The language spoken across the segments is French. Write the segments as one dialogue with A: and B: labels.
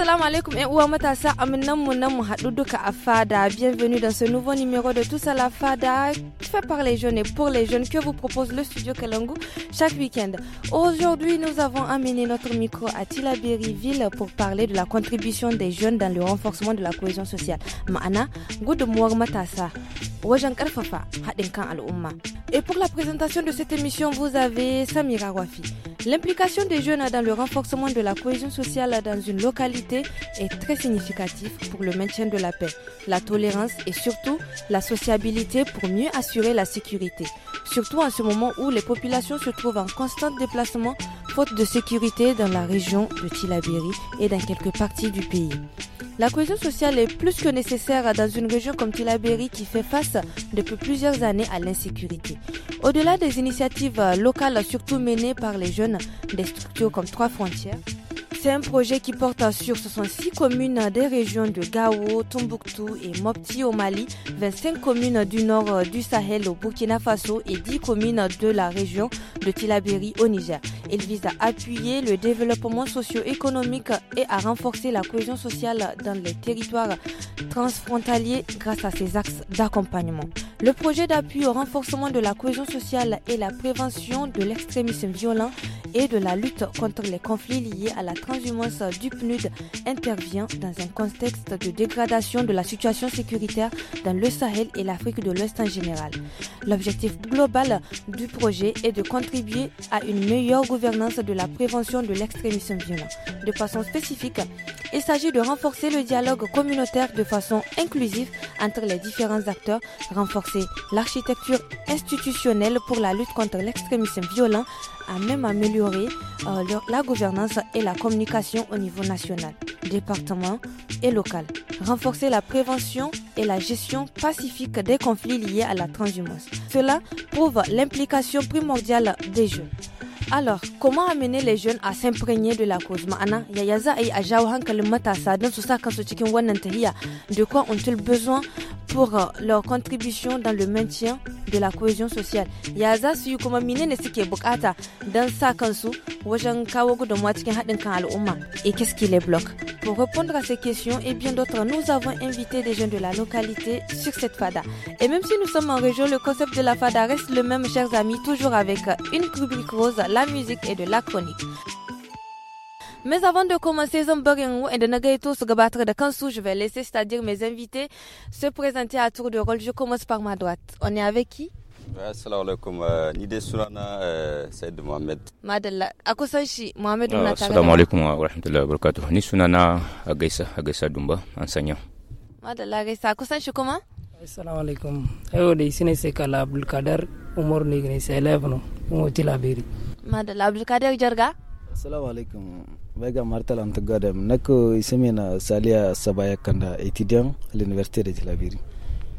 A: Eh, Bienvenue dans ce nouveau numéro de Tous à la fada fait par les jeunes et pour les jeunes que vous propose le studio Kalangu chaque week-end. Aujourd'hui, nous avons amené notre micro à Tilabiri ville pour parler de la contribution des jeunes dans le renforcement de la cohésion sociale. Ma'ana, Et pour la présentation de cette émission, vous avez Samira Wafi. L'implication des jeunes dans le renforcement de la cohésion sociale dans une localité est très significatif pour le maintien de la paix, la tolérance et surtout la sociabilité pour mieux assurer la sécurité, surtout en ce moment où les populations se trouvent en constant déplacement faute de sécurité dans la région de Tilaberi et dans quelques parties du pays. La cohésion sociale est plus que nécessaire dans une région comme Tilaberi qui fait face depuis plusieurs années à l'insécurité. Au-delà des initiatives locales surtout menées par les jeunes, des structures comme Trois Frontières, c'est un projet qui porte sur 66 communes des régions de Gao, Tombouctou et Mopti au Mali, 25 communes du nord euh, du Sahel au Burkina Faso et 10 communes de la région de Tilaberi au Niger. Il vise à appuyer le développement socio-économique et à renforcer la cohésion sociale dans les territoires transfrontaliers grâce à ses axes d'accompagnement. Le projet d'appui au renforcement de la cohésion sociale et la prévention de l'extrémisme violent et de la lutte contre les conflits liés à la transhumance du PNUD intervient dans un contexte de dégradation de la situation sécuritaire dans le Sahel et l'Afrique de l'Ouest en général. L'objectif global du projet est de contribuer à une meilleure gouvernance de la prévention de l'extrémisme violent. De façon spécifique, il s'agit de renforcer le dialogue communautaire de façon inclusive entre les différents acteurs, renforcer l'architecture institutionnelle pour la lutte contre l'extrémisme violent, à même améliorer euh, la gouvernance et la communication au niveau national, département et local. Renforcer la prévention et la gestion pacifique des conflits liés à la transhumance. Cela prouve l'implication primordiale des jeunes. Alors, comment amener les jeunes à s'imprégner de la cause matasa de quoi ont-ils besoin pour euh, leur contribution dans le maintien de la cohésion sociale Yaza, et qu'est-ce qui les bloque Pour répondre à ces questions et bien d'autres, nous avons invité des jeunes de la localité sur cette FADA. Et même si nous sommes en région, le concept de la FADA reste le même, chers amis, toujours avec euh, une rubrique rose, la musique et de la chronique. Mais avant de commencer Zamborengu et de Nagaito se gabatre de Kansu, je vais laisser, c'est-à-dire mes invités, se présenter à tour de rôle. Je commence par ma droite. On est avec qui
B: Assalamu alaikum. Euh, Ni surana, sunana euh, Mohamed. Muhammad.
A: Madalla. A kusan shi Mohamed ah, na tare. Assalamu alaikum
C: wa rahmatullahi wa barakatuh. Ni sunana agessa, agessa Dumba enseignant. sanya.
A: Madalla Agaisa. A kusan shi kuma? Assalamu
D: alaikum. Ayo dai ici sai kala Abdul Kadar Umar ne ne sai 11 no. Mu tilabiri.
A: madalla abdulkadir jarga assalamu
E: alaikum baiga martal antagadam nako isemena saliya sabaya kanda etidiyan à l'université de Tel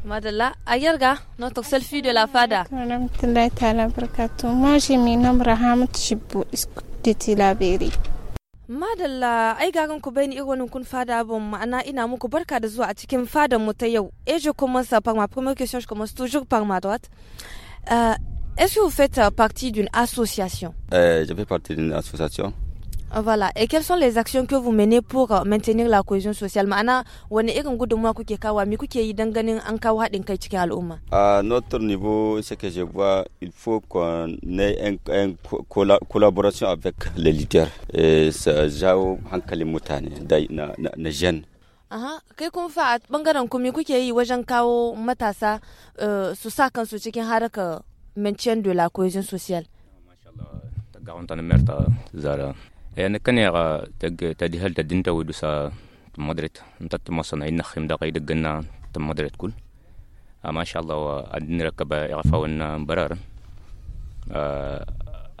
F: Madala, Ayerga, notre tok selfi de la FADA. Moi, j'ai mon nom ci la de madala
A: Madalla, ai gagan ko bai ni irin kun fada abun ma'ana ina muku barka da zuwa a cikin fadan mu ta yau. Et je sa par ma première question, je commence toujours par ma droite. Ah, Est-ce que vous faites euh, partie d'une association
B: euh, Je fais partie d'une association.
A: Euh, voilà. Et quelles sont les actions que vous menez pour euh, maintenir la cohésion sociale À
B: notre niveau, ce que je vois, il faut qu'on ait une collaboration avec les leaders. Et ça jawo hankalin mutane na, na, jeunes.
A: Aha, kai kun fa bangaren ku me kuke yi wajen kawo matasa su sa kansu cikin harkar maintien de la cohésion sociale
C: يعني كان يغا تج تدهل تدين تود سا مدرت انت تمصنا إن خيم دقي دقنا تمدرت كل ما شاء الله أدين ركب يغفاونا برار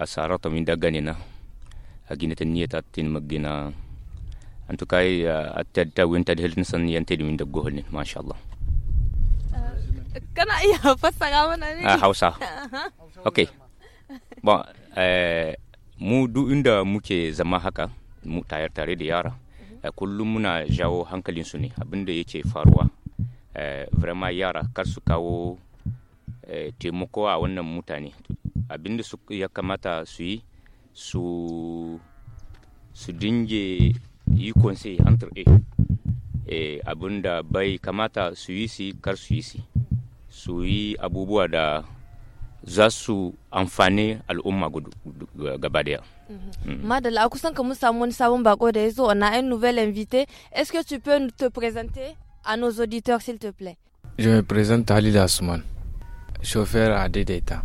C: أسعارات من دقانينا أجينا تنية تاتين مجينا أنتو كاي أتد وين تدهل نسن ينتدي من دقوهلين ما شاء الله
A: kana iya fassara mana ne a hausa
C: okay bon eh, mu duk inda muke zama haka mu tayar tare da yara eh, kullum muna jawo hankalin su ne abinda yake faruwa eh, vrema yara kar su kawo eh, taimako a wannan mutane abinda su ya kamata su yi su su dinge yi conseil entre eh, eh abinda bai kamata su yi si kar su yi si su yi abubuwa da za su amfani al'umma gaba daya. Mhm. Mm.
A: Madala, a kusan ka samu wani sabon bako da ya zo on a un nouvel invité. Est-ce que tu peux te présenter à nos auditeurs s'il te plaît?
C: Je me présente
G: Ali Asman, chauffeur à Dedeita.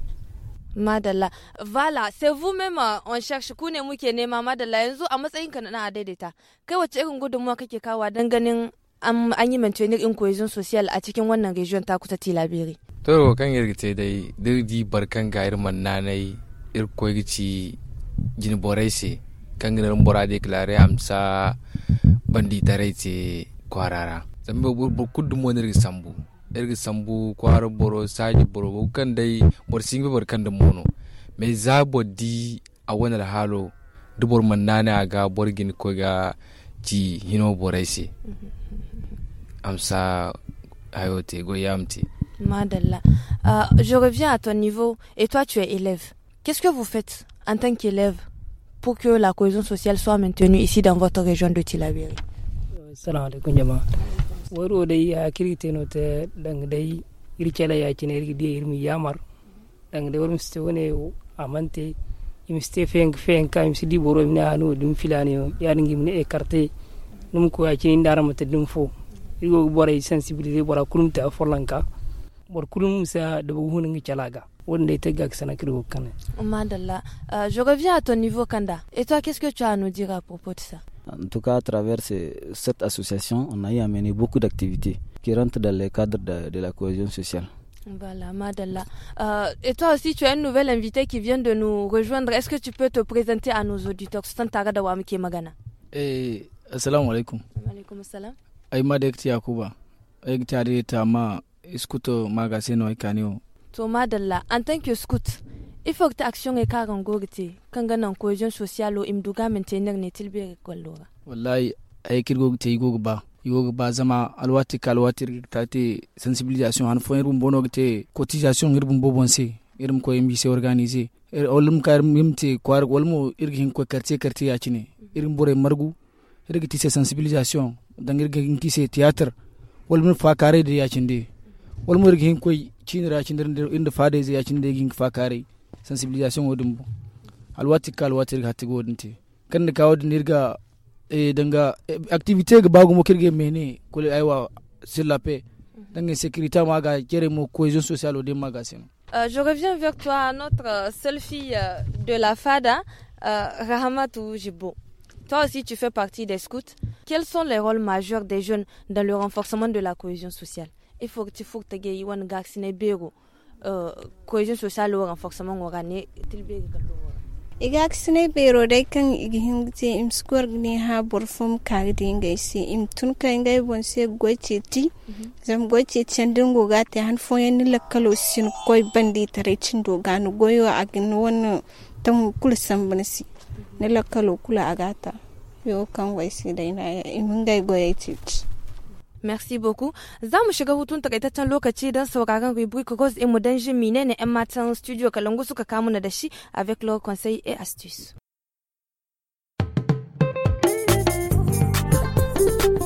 A: Madalla, Vala, c'est vous-même euh, on cherche ku ne muke nema Madalla yanzu a matsayin ka na daidaita. Kai wace irin gudunmuwa kake kawa dan ganin an yi maintaining in cohesion social a cikin wannan region ta kusa kuta tilabiri
G: to kan yargite dai dirdi barkan ga irman nanai jini jin boraise kan ginar bora de klare amsa bandi tare ce kwarara zambe burkuddu mo nirgi sambu irgi sambu kwaro boro saji boro kan dai borsingi barkan da mono mai zabo di a wani halo dubur man nana ga borgin ko ga ci hino boraise mm -hmm. amsa ayote goyamti.
A: Madalla. Euh, je reviens à ton niveau. Et toi, tu es élève. Qu'est-ce que vous faites en tant qu'élève pour que la cohésion sociale soit maintenue ici dans votre région de Tilabiri
D: euh, Salam alaikum jama. Waro dai ah, a note no te dang dai ya chineri di irmi yamar. Dang dai warum ste amante im ste feng feng ka im sidi boro imne anu dum filani ya yaringi imne ekarte num ko ya kine ndara mata dum fo je
A: reviens à ton niveau kanda et toi qu'est-ce que tu as à nous dire à propos de ça
D: en tout cas, à travers
E: cette association, on a amené beaucoup d'activités qui rentrent dans le cadre de, la cohésion sociale.
A: Voilà, Madala. Euh, et toi aussi, tu as une nouvelle invitée qui vient de nous rejoindre. Est-ce que tu peux te présenter à nos auditeurs
H: eh, Assalamu alaikum.
A: Alaikum assalam.
H: ai madek ti yakuba ai tare ta ma iskuto magasino ikanio
A: to madalla an thank you scoot ifok ta action e karan gogite kan ganan cohesion social o imduga maintainer ne tilbe kwallora
H: wallahi ai kirgogite igogba yoga ba zama alwati ka alwati ta te sensibilisation han fo irum bono te cotisation irum bobon se irum ko imbi se organiser olum ka irum te kwar wolmo irgi hin ko quartier quartier yacine irum bore margu irgi ti sensibilisation dangir gagin kise tiyatar walmin mun fa kare da yacin da walmin mun rigin koy cin yacin da inda fa da yacin da gin fa kare sensibilisation wodin bu alwati ka alwati ga tigo wodin te kan da kawo din nirga e, danga e, activité ga bagu mo kirge mene kullu aiwa sur la paix danga sécurité ma ga kere mu cohésion sociale wodin ma ga sen
A: Euh, je reviens vers toi, notre euh, seule fille euh, de la FADA, euh, Rahamatou Jibo. Toi aussi, tu fais partie des scouts. Quels sont les rôles majeurs des jeunes dans le renforcement de la cohésion sociale tu euh, sociale renforcement
F: igak sine bero dai kan igihin te im skwar ne ha burfum ka dinga se im tun ka inga bon se goce ti zam goce cen dingo ga te han fo yan la sin koy bandi tare cin do goyo a gin won tan kul san bansi ne kula agata yo kan wai se dai ina im ngai Merci beaucoup. Za mu shiga hutun takaitaccen lokaci don
A: sauraron rubrique Rose mu don jin menene 'yan matan studio Kalangu suka kamuna da shi avec le conseil et astuce.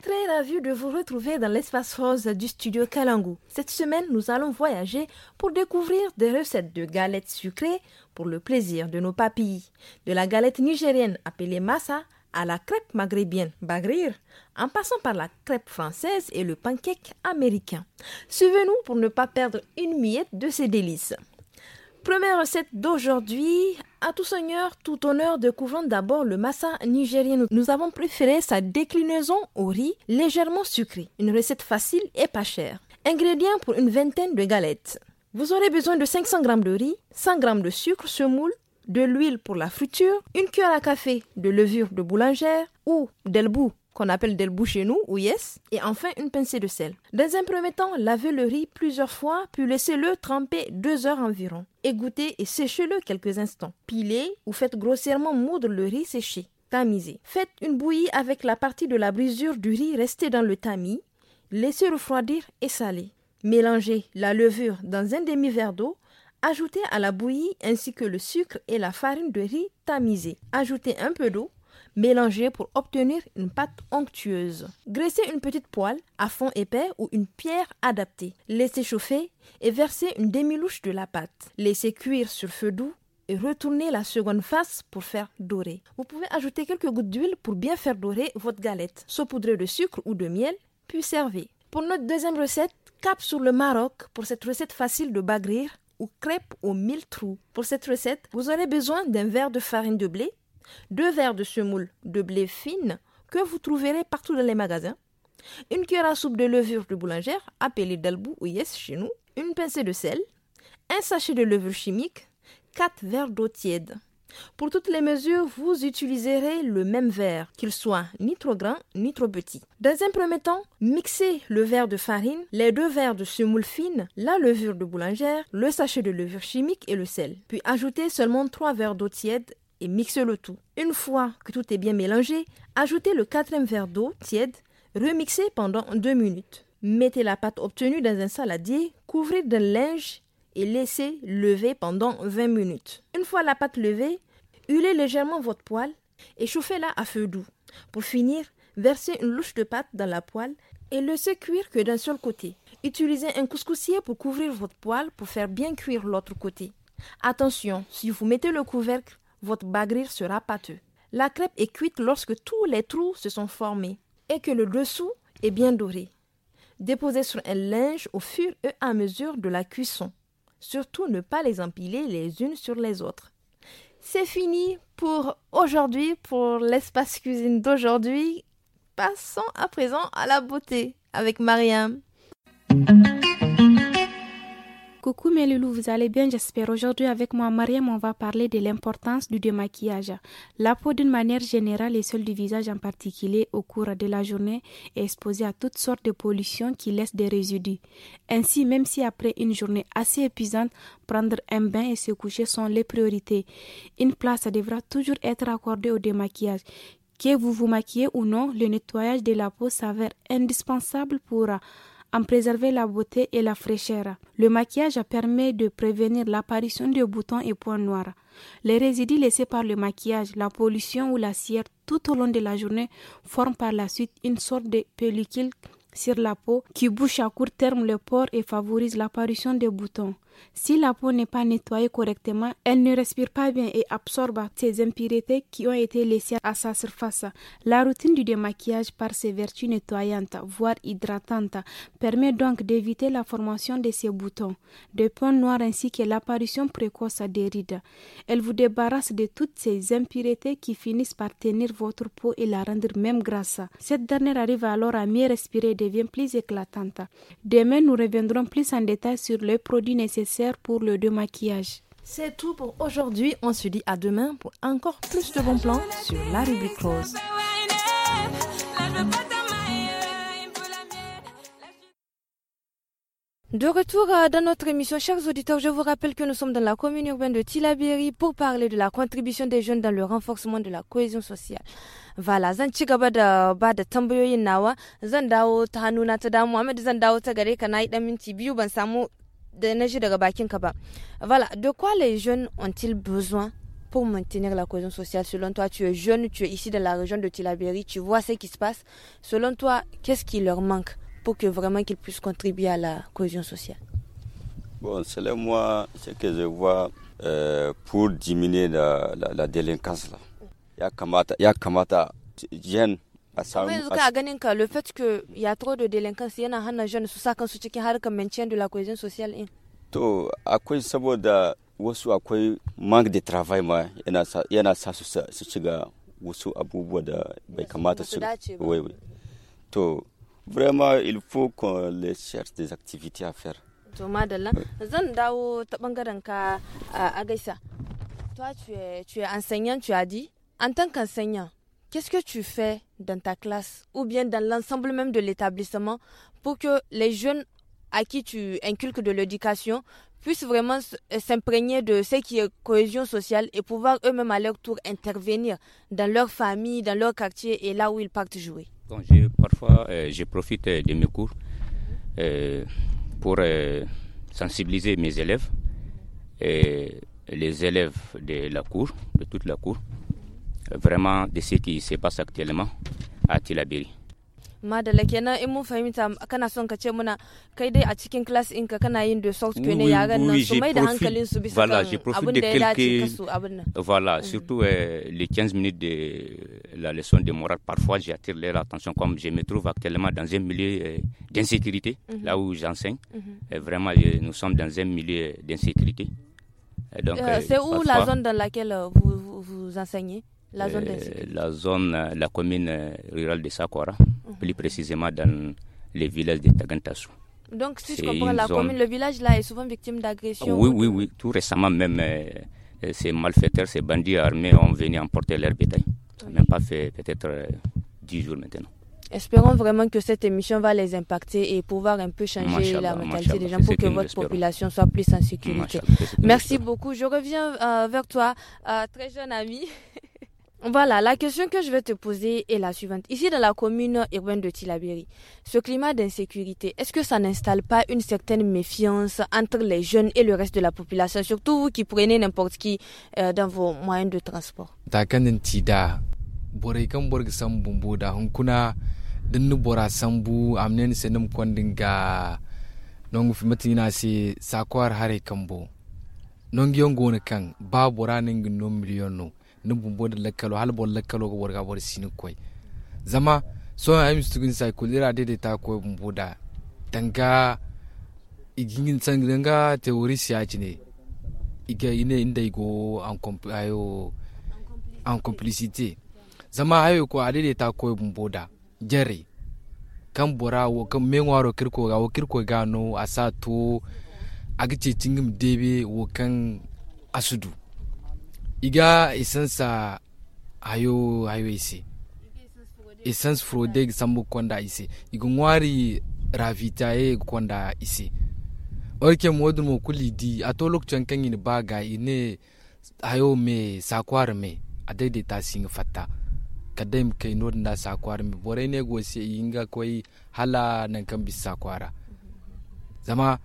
I: Très ravi de vous retrouver dans l'espace rose du studio Kalangu. Cette semaine, nous allons voyager pour découvrir des recettes de galettes sucrées pour le plaisir de nos papilles. De la galette nigérienne appelée massa à la crêpe maghrébienne bagrir, en passant par la crêpe française et le pancake américain. Suivez-nous pour ne pas perdre une miette de ces délices. Première recette d'aujourd'hui. À tout seigneur, tout honneur de couvrir d'abord le massa nigérien. Nous avons préféré sa déclinaison au riz légèrement sucré. Une recette facile et pas chère. Ingrédients pour une vingtaine de galettes. Vous aurez besoin de 500 g de riz, 100 g de sucre semoule, de l'huile pour la friture, une cuillère à café de levure de boulangère ou d'elbou qu'on appelle delbou chez nous, ou yes, et enfin une pincée de sel. Dans un premier temps, lavez le riz plusieurs fois, puis laissez-le tremper deux heures environ. Égouttez et séchez-le quelques instants. Pilez ou faites grossièrement moudre le riz séché. Tamisez. Faites une bouillie avec la partie de la brisure du riz restée dans le tamis. Laissez refroidir et saler. Mélangez la levure dans un demi-verre d'eau Ajoutez à la bouillie ainsi que le sucre et la farine de riz tamisée. Ajoutez un peu d'eau Mélanger pour obtenir une pâte onctueuse. Graissez une petite poêle à fond épais ou une pierre adaptée. Laissez chauffer et versez une demi-louche de la pâte. Laissez cuire sur feu doux et retournez la seconde face pour faire dorer. Vous pouvez ajouter quelques gouttes d'huile pour bien faire dorer votre galette. Saupoudrez de sucre ou de miel, puis servez. Pour notre deuxième recette, cap sur le Maroc pour cette recette facile de bagrir ou crêpe aux mille trous. Pour cette recette, vous aurez besoin d'un verre de farine de blé, deux verres de semoule de blé fine que vous trouverez partout dans les magasins, une cuillère à soupe de levure de boulangère appelée dalbou ou yes chez nous, une pincée de sel, un sachet de levure chimique, quatre verres d'eau tiède. Pour toutes les mesures, vous utiliserez le même verre, qu'il soit ni trop grand ni trop petit. Dans un premier temps, mixez le verre de farine, les deux verres de semoule fine, la levure de boulangère, le sachet de levure chimique et le sel. Puis ajoutez seulement trois verres d'eau tiède et mixez le tout. Une fois que tout est bien mélangé, ajoutez le quatrième verre d'eau tiède, Remixer pendant 2 minutes. Mettez la pâte obtenue dans un saladier, couvrez d'un linge et laissez lever pendant 20 minutes. Une fois la pâte levée, hulez légèrement votre poêle et chauffez-la à feu doux. Pour finir, versez une louche de pâte dans la poêle et laissez cuire que d'un seul côté. Utilisez un couscoussier pour couvrir votre poêle pour faire bien cuire l'autre côté. Attention, si vous mettez le couvercle, votre bagrir sera pâteux. La crêpe est cuite lorsque tous les trous se sont formés et que le dessous est bien doré. Déposez sur un linge au fur et à mesure de la cuisson. Surtout ne pas les empiler les unes sur les autres. C'est fini pour aujourd'hui, pour l'espace cuisine d'aujourd'hui. Passons à présent à la beauté avec Mariam. Coucou mes loulous, vous allez bien j'espère. Aujourd'hui avec moi Mariam,
J: on va parler de l'importance du démaquillage. La peau d'une manière générale et celle du visage en particulier au cours de la journée est exposée à toutes sortes de pollutions qui laissent des résidus. Ainsi, même si après une journée assez épuisante, prendre un bain et se coucher sont les priorités, une place devra toujours être accordée au démaquillage que vous vous maquillez ou non, le nettoyage de la peau s'avère indispensable pour préserver la beauté et la fraîcheur. Le maquillage permet de prévenir l'apparition de boutons et points noirs. Les résidus laissés par le maquillage, la pollution ou la cire tout au long de la journée forment par la suite une sorte de pellicule sur la peau qui bouche à court terme le pores et favorise l'apparition des boutons. Si la peau n'est pas nettoyée correctement, elle ne respire pas bien et absorbe ces impuretés qui ont été laissées à sa surface. La routine du démaquillage par ses vertus nettoyantes, voire hydratantes, permet donc d'éviter la formation de ces boutons, de points noirs ainsi que l'apparition précoce des rides. Elle vous débarrasse de toutes ces impuretés qui finissent par tenir votre peau et la rendre même grasse. Cette dernière arrive alors à mieux respirer et devient plus éclatante. Demain, nous reviendrons plus en détail sur les produits nécessaires pour le démaquillage.
I: C'est tout pour aujourd'hui. On se dit à demain pour encore plus de bons plans sur la rubrique rose.
A: De retour euh, dans notre émission, chers auditeurs, je vous rappelle que nous sommes dans la commune urbaine de Tilaberi pour parler de la contribution des jeunes dans le renforcement de la cohésion sociale. Voilà, zan da ba tambayoyin nawa, zan dawo ta voilà, de quoi les jeunes ont-ils besoin pour maintenir la cohésion sociale Selon toi, tu es jeune, tu es ici dans la région de Tilaberi, tu vois ce qui se passe. Selon toi, qu'est-ce qui leur manque pour que vraiment qu'ils puissent contribuer à la cohésion sociale
B: Bon, selon moi, ce que je vois euh, pour diminuer la, la, délinquance, Il y a Kamata, y a Kamata, a samu yanzu ka
A: ganin ka le fait que ya trop de délinquance yana hana jeunes su sakan su cikin harkar maintien de la cohésion sociale in
B: to akwai saboda wasu akwai manque de travail ma yana sa yana sa su su ciga wasu abubuwa da bai kamata su wai wai to vraiment il faut qu'on les cherche des activités à faire
A: to madalla zan dawo ta bangaren ka a gaisa to a ce tu es enseignant tu as dit en tant qu'est-ce que tu fais dans ta classe ou bien dans l'ensemble même de l'établissement pour que les jeunes à qui tu inculques de l'éducation puissent vraiment euh, s'imprégner de ce qui est cohésion sociale et pouvoir eux-mêmes à leur tour intervenir dans leur famille, dans leur quartier et là où ils partent jouer.
C: parfois, euh, je profite de mes cours euh, pour sensibiliser mes élèves et les élèves de la cour, de toute la cour, vraiment de ce qui se passe actuellement à Tilabiri. voilà, mm. surtout euh, les 15 minutes de la leçon de morale parfois j'attire leur attention comme je me trouve actuellement dans un milieu euh, d'insécurité mm-hmm. là où j'enseigne mm-hmm. vraiment nous sommes dans un milieu d'insécurité donc euh, c'est où la zone
A: dans laquelle vous, vous enseignez la
C: zone, euh, euh, la, commune euh, rurale de Sakora mhm. plus précisément dans les villages de Tagantassou.
A: Donc, si je comprends, la commune, le village là est souvent victime d'agressions. Oui,
C: oui, oui. Tout récemment, même ces malfaiteurs, ces bandits armés ont venu emporter leur bétail. Ça n'a même pas fait peut-être dix 10 jours maintenant.
A: Espérons vraiment que cette émission va les impacter et pouvoir un peu changer la mentalité des gens pour que, votre population soit plus en sécurité. Merci beaucoup. Je reviens vers toi, très jeune ami. Voilà, la question que je vais te poser est la suivante. Ici, dans la commune urbaine de Tilabiri, ce climat d'insécurité, est-ce que ça n'installe pas une certaine méfiance entre les jeunes et le reste de la population, surtout vous qui prenez n'importe qui euh, dans vos moyens de transport
G: ni bumbo da hali hal bon lakkalo go warga bor sini koy zama so am stugin sai kulira de de ta koy bumbo da danga igin sang danga teori siya ne iga ine inda go an ayo an complicité zama ayo ko ade de ta koy bumbo da jere kan bora wo kan menwaro kirko ga wo kirko gano asato agi cecingim debe wo kan asudu iga isansa ayo ayo ise essence fraude gisambu konda ise igungwari ravitaye konda ise orke modu mo kuli di ato lokcon kan yin baga ine ayo me sakwar me adai de ta sing fatta kadem mu kai na da sakwar me bore ne go se yinga koi hala nan kan bi sakwara zama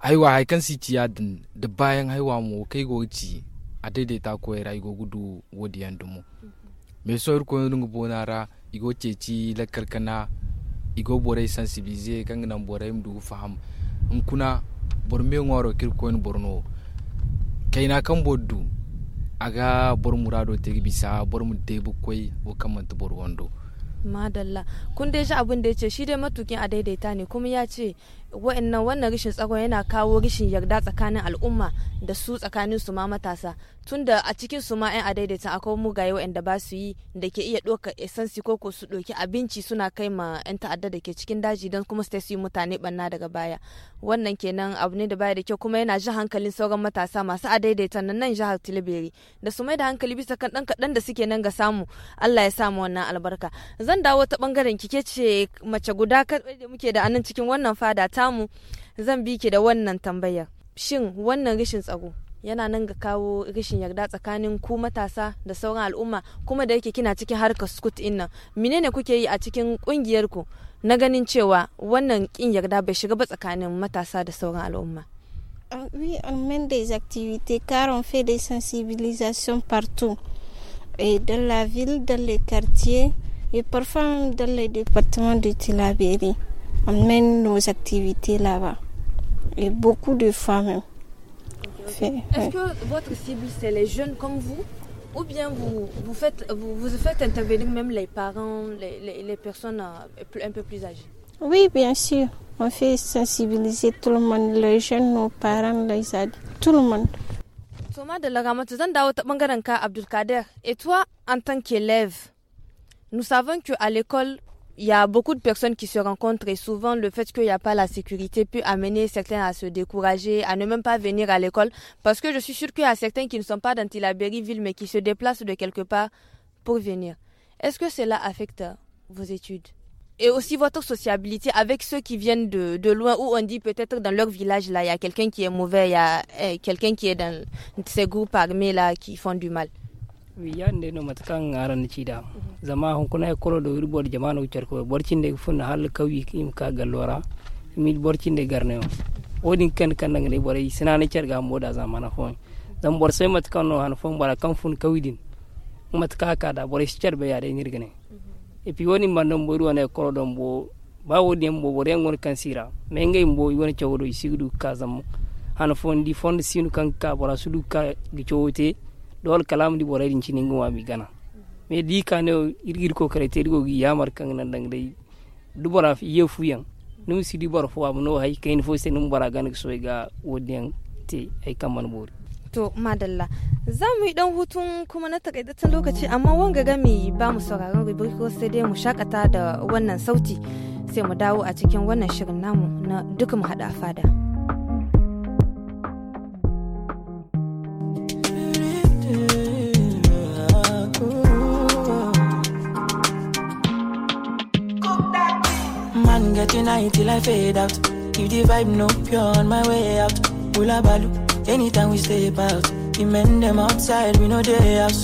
G: aiwa haikan si ciyadin da bayan haiwa mu kai go ci a daidaita ko era igo gudu wodi yandumu me so ir ko nungu bonara igo ceci la karkana igo borai sensibiliser kan nan borai mdu faham in kuna borme ngoro kir ko en borno kaina kan boddu aga bor murado te bisa bor mu de bu koy wo bor wondo
A: madalla kun dai shi abin da ya ce shi dai matukin a daidaita ne kuma ya ce wa'annan wannan rashin tsaron yana kawo rashin yarda tsakanin al'umma da su tsakanin su ma matasa tunda a cikin su ma 'yan adaidaita akwai mugaye wa'anda ba su yi da ke iya ɗauka esansi ko ko su ɗauki abinci suna kai ma 'yan ta'adda da ke cikin daji don kuma su yi mutane banna daga baya wannan kenan abu ne da baya da kyau kuma yana ji hankalin sauran matasa masu adaidaita nan nan jihar tilberi da su mai da hankali bisa kan ɗan kaɗan da suke nan ga samu allah ya samu wannan albarka zan dawo ta ɓangaren kike ce mace guda kaɗai da muke da anan cikin wannan fada ta samu zan bi ki da wannan tambayar shin wannan rashin tsaro yana nan ga kawo rashin yarda tsakanin ku matasa da sauran al'umma kuma da yake kina cikin harkar skut in nan menene kuke yi a cikin kungiyar ku na ganin cewa wannan kin yarda bai shiga ba tsakanin matasa da sauran al'umma
F: Uh, oui, on mène des activités car on fait des sensibilisations partout, et dans la ville, dans les quartiers et parfois même dans les départements de tilaberi on mène nos activités là-bas. Et beaucoup de femmes. Est-ce
A: que votre cible, c'est les jeunes comme vous ou bien vous, vous, faites, vous, vous faites intervenir même les parents, les, personnes euh, un peu plus âgées
F: Oui, bien sûr. On fait sensibiliser tout le monde, les jeunes, nos parents, les adultes, tout le monde.
A: de Et toi, en tant qu'élève, nous savons qu'à l'école, il y a beaucoup de personnes qui se rencontrent et souvent le fait qu'il n'y a pas la sécurité peut amener certains à se décourager, à ne même pas venir à l'école. Parce que je suis sûre qu'il y a certains qui ne sont pas dans tilaberi mais qui se déplacent de quelque part pour venir. Est-ce que cela affecte vos études et aussi votre sociabilité avec ceux qui viennent de, loin où on dit peut-être dans leur village là il y a quelqu'un qui est mauvais il y a eh, quelqu'un qui est dans ces groupes armés là qui font du mal
D: wiyande no matkan aran cida zama hon kuna e kolo do ir bor jamano ucer ko borcinde fun hal kawi im ka gallora mi borcinde garne odin kan kan nang ne bor sinane cer ga moda zamana fon zam bor sai matkan no han fon bara kan fun kawidin matka ka da bor cer be yade nirgane e pi woni mandon boru ne kolo do bo ba wodi mbo bo bor kan sira me ngay mbo woni cewdo sigdu ka zam han fon di fon sinu kan ka bora sudu ka gicowote dol kalam di boray din cinin wa mi gana me di kane irgir ko kare te go ya mar kan nan dang dai du bora fi ye yang num si di bora fo am no hay kain fo se num bora gan so ga wodin te ay kaman bori
A: to madalla za mu yi dan hutun kuma na takaitaccen lokaci amma wanga gami ba mu sauraron gobe ko sai dai mu shakata da wannan sauti sai mu dawo a cikin wannan shirin namu na duka mu hada fada.
K: Man getting high till I fade out. If the vibe no pure on my way out, Bula balu. Anytime we step out, the men them outside, we know they house.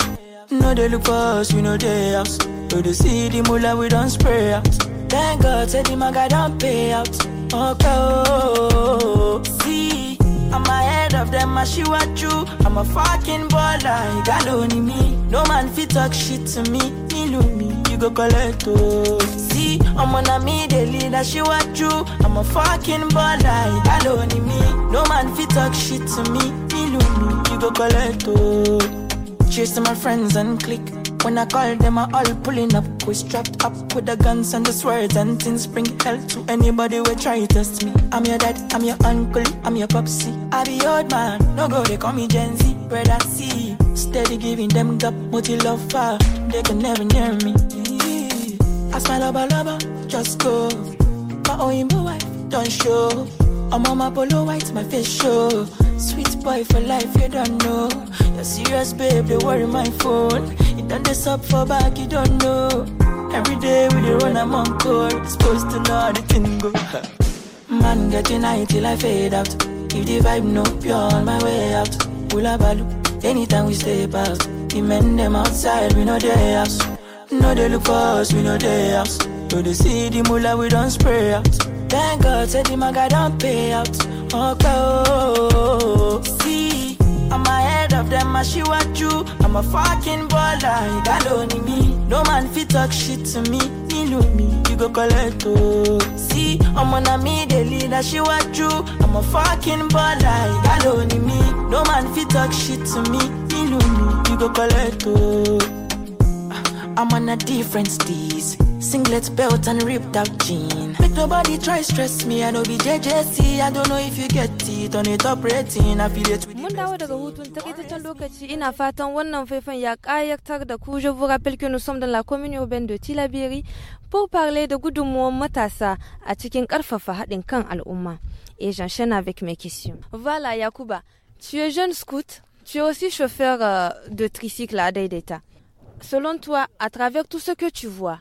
K: No they look for us, we know they house. But they see the mula, we don't spray out. Thank God, said the maga don't pay out. Okay, oh, oh, oh. see. I'm ahead of them, I she what true. I'm a fucking baller, you got only me. No man fit talk shit to me, me me, you go collect oh. See, I'm on a me, the leader, she what true. I'm a fucking baller, you got only me. No man fit talk shit to me, me me, you go collect oh. Cheers to my friends and click. When I call them, I all pulling up. We strapped up with the guns and the swords and things. Bring hell to anybody who try to test me. I'm your dad, I'm your uncle, I'm your popsy. I be old man, no go, they call me Gen Z. Red I see, steady giving them gap, multi love far. They can never near me. I smile a lover, just go. My own wife, don't show. I'm on my polo white, my face show. Sweet boy for life, you don't know. You're serious, babe, they worry my phone. Then this up for back, you don't know. Every day we dey run among cold, supposed to know how the thing go. Man, get in high till I fade out. If the vibe no pure, on my way out. a look, anytime we stay past. The men them outside, we know they ask. No, they look for us, we know they ask. No, they see the mullah, we don't spray out. Thank God, said the maga don't pay out. Okay, oh, oh, oh. oh of them as she want you. I'm a fucking baller, you don't me. No man fit talk shit to me, me me. You go collect oh. See, I'm on a me, the leader she want you. I'm a fucking baller, you don't me. No man fit talk shit to me, me me. You go collect oh. Ah, I'm on a different stage. Singlet belt and ripped out jean. Make nobody try stress me. I know be JJC. I don't know if you get it on it up rating. I feel with
A: Mun dawo daga ina fatan wannan faifan ya ku. Je vous rappelle que nous sommes dans la commune urbaine de Tilabiri pour parler de gudunmuwan matasa a cikin karfafa haɗin kan al'umma. Et j'enchaîne avec mes questions. Voilà, Yakuba, tu es jeune scout, tu es aussi chauffeur euh, de tricycle à Deideita. Selon toi, à travers tout ce que tu vois,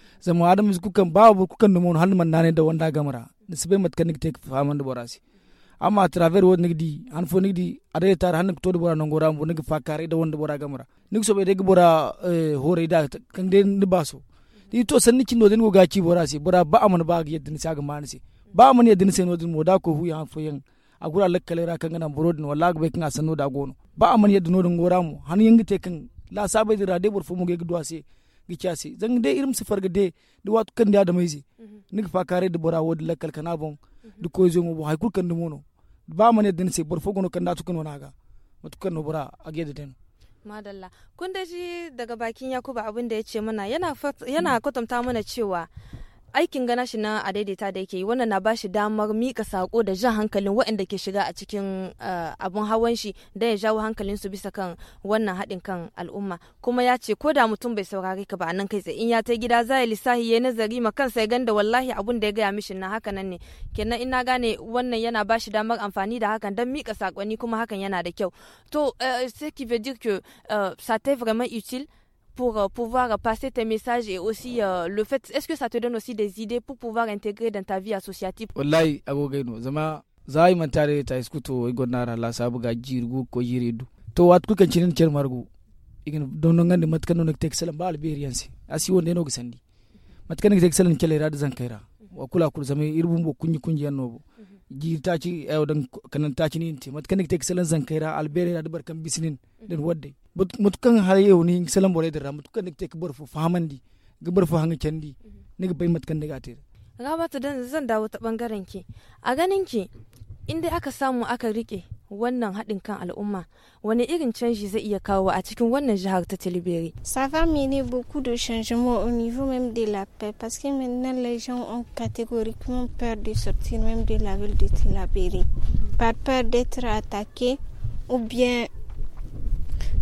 H: zama adam kukan babu kukan numon hannu man nane da wanda gamara sibe mat kanik tek faman da borasi amma traver wod nigdi an fo nigdi ade tar han to bora non gora mo nigi fakare da wanda bora gamara nig so be de bora eh, hore da kan de ni baso di to sanni kin nodin goga ci bora si bora ba amana ba ga yadin saga manisi ba amana yadin sai nodin mo da ko hu han fo yan a gura lakkale ra kan ganan burodin wallahi be kin asano da gono ba amana yadin nodin gora mo hannu yangi te kan la sabai da de bor fo mo ge gidwa se gi chasi zang de irim sifar ga de de wat kan da zai mhm. ni fa kare da bora wod lakal kana bon mhm. da ko zo mu hay kul kan de mono ba mane den se bor fogono kan da tukun wana ga kan no bora age da den
A: madalla kun da shi daga bakin yakuba abin da ya ce mana yana kwatanta mana cewa aikin gana shi na a daidaita da yake wannan na bashi damar mika sako da jan hankalin waɗanda ke shiga a cikin eh, abun hawan shi da ya jawo hankalin su bisa kan wannan haɗin kan al'umma kuma ya ce ko da mutum bai saurari ka ba nan kai tsaye in ya ta gida za ya lissahi ya nazari ma kan sai ganda wallahi abun da ya gaya mishi na haka nan ne kenan ina gane wannan yana bashi damar amfani da hakan dan mika sakonni kuma hakan yana da kyau to sai eh, ki veut dire que eh, ça t'est vraiment utile pour euh, pouvoir passer tes messages et aussi euh, le fait est-ce que ça te donne aussi des idées pour pouvoir intégrer dans ta vie associative
H: wallahi abogaino zama zai mantare ta iskuto igonara la sabu ga jirgu ko jiridu to wat ku kancinin cer margu igin dondo ngande matkan no tek selam bal beriyansi asi wonde no gisandi matkan tek selam kele rad zankaira wa kula kul zama irbum bo kunyi kunyi annobo mhm. jirta ayo eh, dan kanan ta ci ni inti matkan tek selam zankaira albere rad barkan bisinin den wadde matukan yau ni salam bore dira ka bar tek bor di ga gabar fu hanga mhm. kendi ga bai matkan daga
A: ba ta dan zan dawo ta bangaren ki a ganin ki inda aka samu aka rike wannan haɗin kan al'umma wani irin canji zai iya kawo a cikin wannan jihar ta tilibiri ça
F: va beaucoup de changements au niveau même de la paix parce que maintenant les gens ont catégoriquement peur de sortir même de la ville de Tilaberi mhm. par peur d'être attaqué ou bien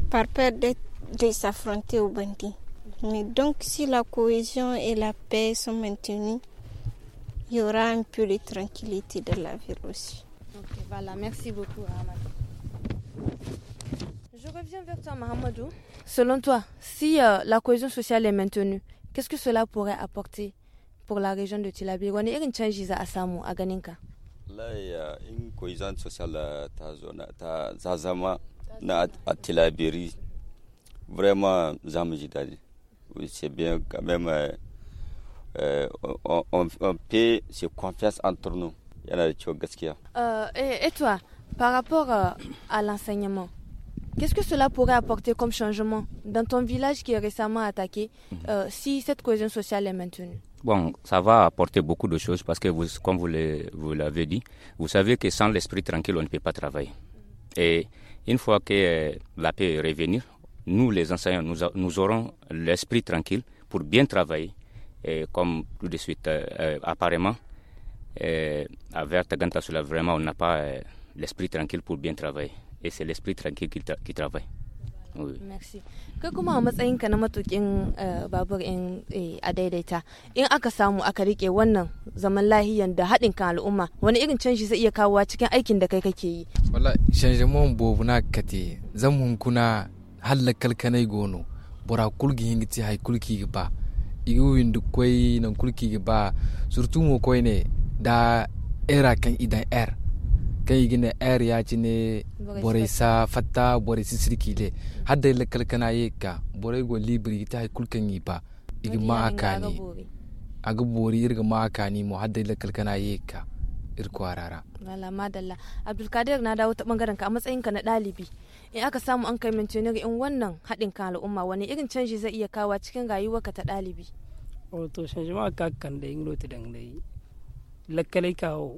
F: par peur de s'affronter aux bandits. Mais donc, si la cohésion et la paix sont maintenues, il y aura un peu de tranquillité dans la ville aussi.
A: voilà, merci beaucoup, Ahmad. Je reviens vers toi, Mahamadou.
F: Selon toi, si
A: euh, la cohésion sociale est maintenue, qu'est-ce que cela pourrait apporter pour la région de Tilabiri à samu à ganinka?
B: a euh, in cohésion sociale ta na à vraiment c'est bien quand même euh, euh, on, confiance entre nous euh,
A: et toi par rapport à l'enseignement Qu'est-ce que cela pourrait apporter comme changement dans ton village qui est récemment attaqué si cette cohésion sociale est maintenue
C: Bon, ça va apporter beaucoup de choses parce que, vous, comme vous l'avez dit, vous savez que sans l'esprit tranquille, on ne peut pas travailler. Et une fois que euh, la paix est revenue, nous les enseignants, nous, aurons l'esprit tranquille pour bien travailler. Et comme tout de suite, euh, euh, apparemment, à cela vraiment, on n'a pas l'esprit tranquille pour bien travailler. Et c'est l'esprit tranquille qui travaille.
A: Merci. Kai kuma a matsayinka na matukin eh, babur in eh, a daidaita in aka samu aka rike wannan zaman lahiyan da haɗin kan al'umma wani irin canji zai iya kawowa cikin aikin da kai kake yi.
G: Wala canji mun bobu na kate zan kuna halla kalkanai gono kulki hin hingiti hai kulki ba igiwin da kwai nan kulki ba surtu mo koi ne da era kan idan er kai gina air ya ci ne
D: bore sa
G: fata bore si sirki le mm. hadda le kalkana ye ka borai go libri ta kulkan yi ba igi ma akani aga bori irga ma akani mo hadda le kalkana ye ka irko arara
A: wala madalla abdulkadir na dawo ta bangaren ka a matsayin ka na dalibi in aka samu an kai mentioning in wannan haɗin kan al'umma wani irin canji zai iya kawo cikin ka ta dalibi
D: wato to canji ma ka kan da ingilo ta dangdai lakkalai kawo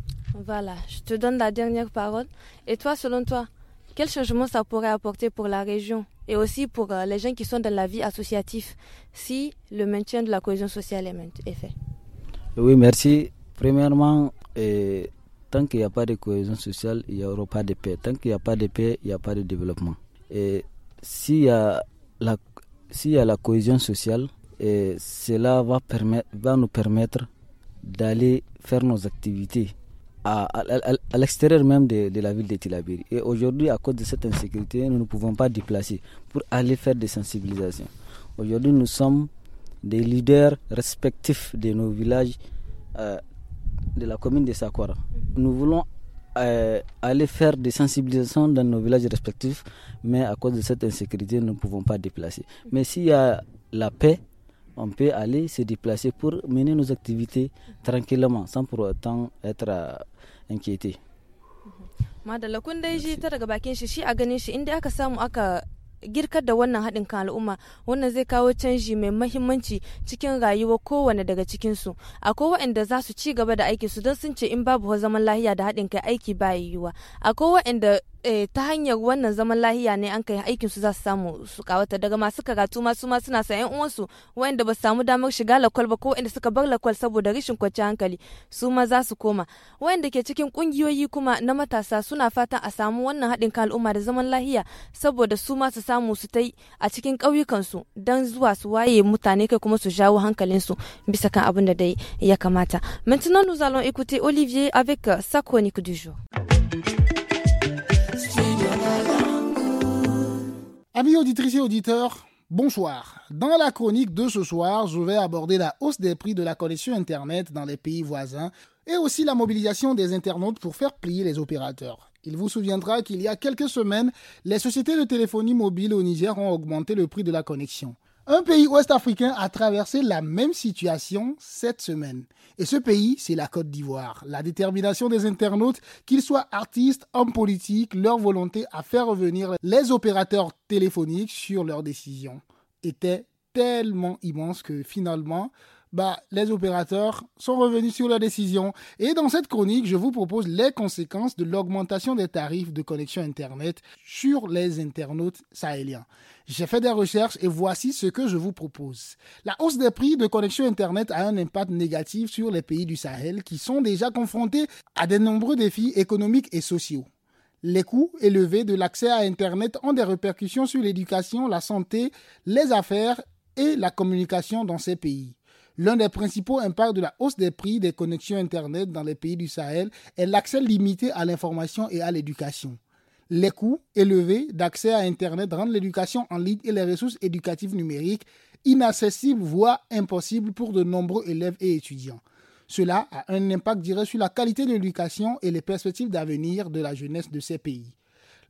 A: Voilà, je te donne la dernière parole. Et toi, selon toi, quel changement ça pourrait apporter pour la région et aussi pour euh, les gens qui sont dans la vie associative si le maintien de la cohésion sociale est fait
E: Oui, merci. Premièrement, tant qu'il n'y a pas de cohésion sociale, il n'y aura pas de paix. Tant qu'il n'y a pas de paix, il n'y a pas de développement. Et s'il y a la, la cohésion sociale, cela va nous permettre d'aller faire nos activités à, l'extérieur même de, la ville de Tilabiri. Et aujourd'hui, à cause de cette insécurité, nous ne pouvons pas déplacer pour aller faire des sensibilisations. Aujourd'hui, nous sommes des leaders respectifs de nos villages euh, de la commune de Sakwara. Mhm. Nous voulons euh, aller faire des sensibilisations dans nos villages respectifs, mais à cause de cette insécurité, nous ne pouvons pas déplacer. Mhm. Mais s'il y a la paix, on peut aller se déplacer pour mener nos activités mhm. tranquillement, sans pour autant être euh, yanke
A: madalla kun dai shi ta daga bakin shi shi a ganin shi inda aka samu aka girkar da wannan haɗin kan al'umma wannan zai kawo canji mai mahimmanci cikin rayuwa kowane daga cikin su akwai waɗanda za su ci gaba da aiki su don sun ce in babu zaman lahiya da haɗin kai aiki ba yiwuwa akwai waɗanda eh, ta hanyar wannan zaman lahiya ne an kai aikin su za su samu su kawata daga masu karatu ma su ma suna sa yan uwansu wanda ba su samu damar shiga lakwal ba ko wanda suka bar lakwal saboda rashin kwanciyar hankali su ma za su koma wanda ke cikin kungiyoyi kuma na matasa suna fatan a samu wannan haɗin kan al'umma da zaman lahiya saboda su ma su samu su ta a cikin ƙauyukansu don zuwa su waye mutane kai kuma su jawo su bisa kan abin da dai ya kamata maintenant nous allons écouter Olivier avec sa chronique
L: Amis auditrices et auditeurs, bonsoir. Dans la chronique de ce soir, je vais aborder la hausse des prix de la connexion Internet dans les pays voisins et aussi la mobilisation des internautes pour faire plier les opérateurs. Il vous souviendra qu'il y a quelques semaines, les sociétés de téléphonie mobile au Niger ont augmenté le prix de la connexion. Un pays ouest-africain a traversé la même situation cette semaine. Et ce pays, c'est la Côte d'Ivoire. La détermination des internautes, qu'ils soient artistes, hommes politiques, leur volonté à faire revenir les opérateurs téléphoniques sur leurs décisions était tellement immense que finalement, bah, les opérateurs sont revenus sur la décision. Et dans cette chronique, je vous propose les conséquences de l'augmentation des tarifs de connexion Internet sur les internautes sahéliens. J'ai fait des recherches et voici ce que je vous propose. La hausse des prix de connexion Internet a un impact négatif sur les pays du Sahel qui sont déjà confrontés à de nombreux défis économiques et sociaux. Les coûts élevés de l'accès à Internet ont des répercussions sur l'éducation, la santé, les affaires et la communication dans ces pays. L'un des principaux impacts de la hausse des prix des connexions Internet dans les pays du Sahel est l'accès limité à l'information et à l'éducation. Les coûts élevés d'accès à Internet rendent l'éducation en ligne et les ressources éducatives numériques inaccessibles, voire impossibles pour de nombreux élèves et étudiants. Cela a un impact direct sur la qualité de l'éducation et les perspectives d'avenir de la jeunesse de ces pays.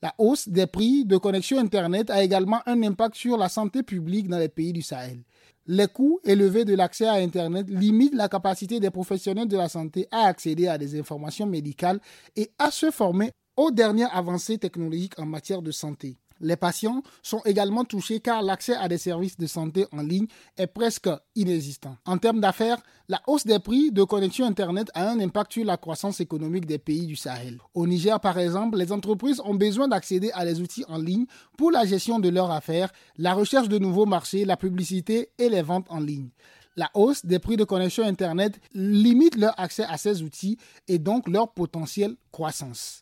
L: La hausse des prix de connexion Internet a également un impact sur la santé publique dans les pays du Sahel les coûts élevés de l'accès à Internet limitent la capacité des professionnels de la santé à accéder à des informations médicales et à se former aux dernières avancées technologiques en matière de santé. Les patients sont également touchés car l'accès à des services de santé en ligne est presque inexistant. En termes d'affaires, la hausse des prix de connexion Internet a un impact sur la croissance économique des pays du Sahel. Au Niger, par exemple, les entreprises ont besoin d'accéder à des outils en ligne pour la gestion de leurs affaires, la recherche de nouveaux marchés, la publicité et les ventes en ligne. La hausse des prix de connexion Internet limite leur accès à ces outils et donc leur potentielle croissance.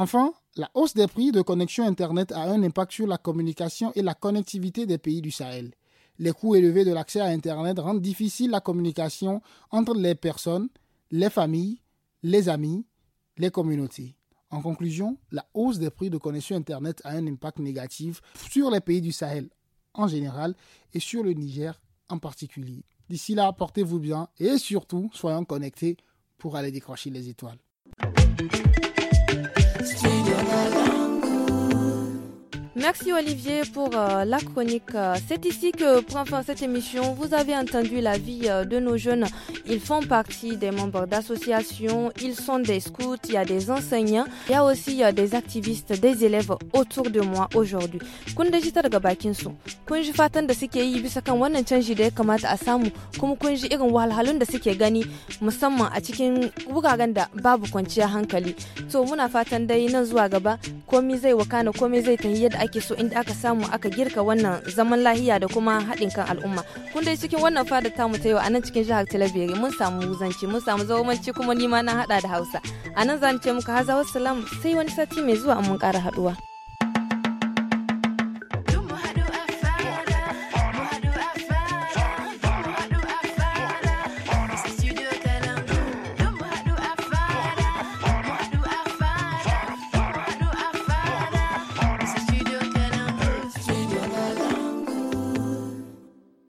L: Enfin, la hausse des prix de connexion Internet a un impact sur la communication et la connectivité des pays du Sahel. Les coûts élevés de l'accès à Internet rendent difficile la communication entre les personnes, les familles, les amis, les communautés. En conclusion, la hausse des prix de connexion Internet a un impact négatif sur les pays du Sahel en général et sur le Niger en particulier. D'ici là, portez-vous bien et surtout, soyons connectés pour aller décrocher les étoiles.
A: Merci Olivier pour euh, la chronique. Euh, c'est ici que prend fin cette émission. Vous avez entendu la vie euh, de nos jeunes. Ils font partie des membres d'associations, ils sont des scouts, il y a des enseignants, il y a aussi euh, des activistes, des élèves autour de moi aujourd'hui. Kun da jitar ga bakin su, kun ji fatan da suke yi bisa kan wannan canji da ya kamata a samu, kuma kun ji irin wahalhalun da suke gani musamman a cikin wuraren da babu kwanciyar hankali. To muna fatan dai nan zuwa gaba komai zai wakana komai zai tafi yadda ake so inda aka samu aka girka wannan zaman lahiya da kuma haɗin kan al'umma kun dai cikin wannan fadar tamu ta yau a nan cikin jihar talabere mun samu zanci mun samu zamanci kuma nima na haɗa da hausa a nan zan ce muka haza wasu sai wani sati mai zuwa mun ƙara haɗuwa.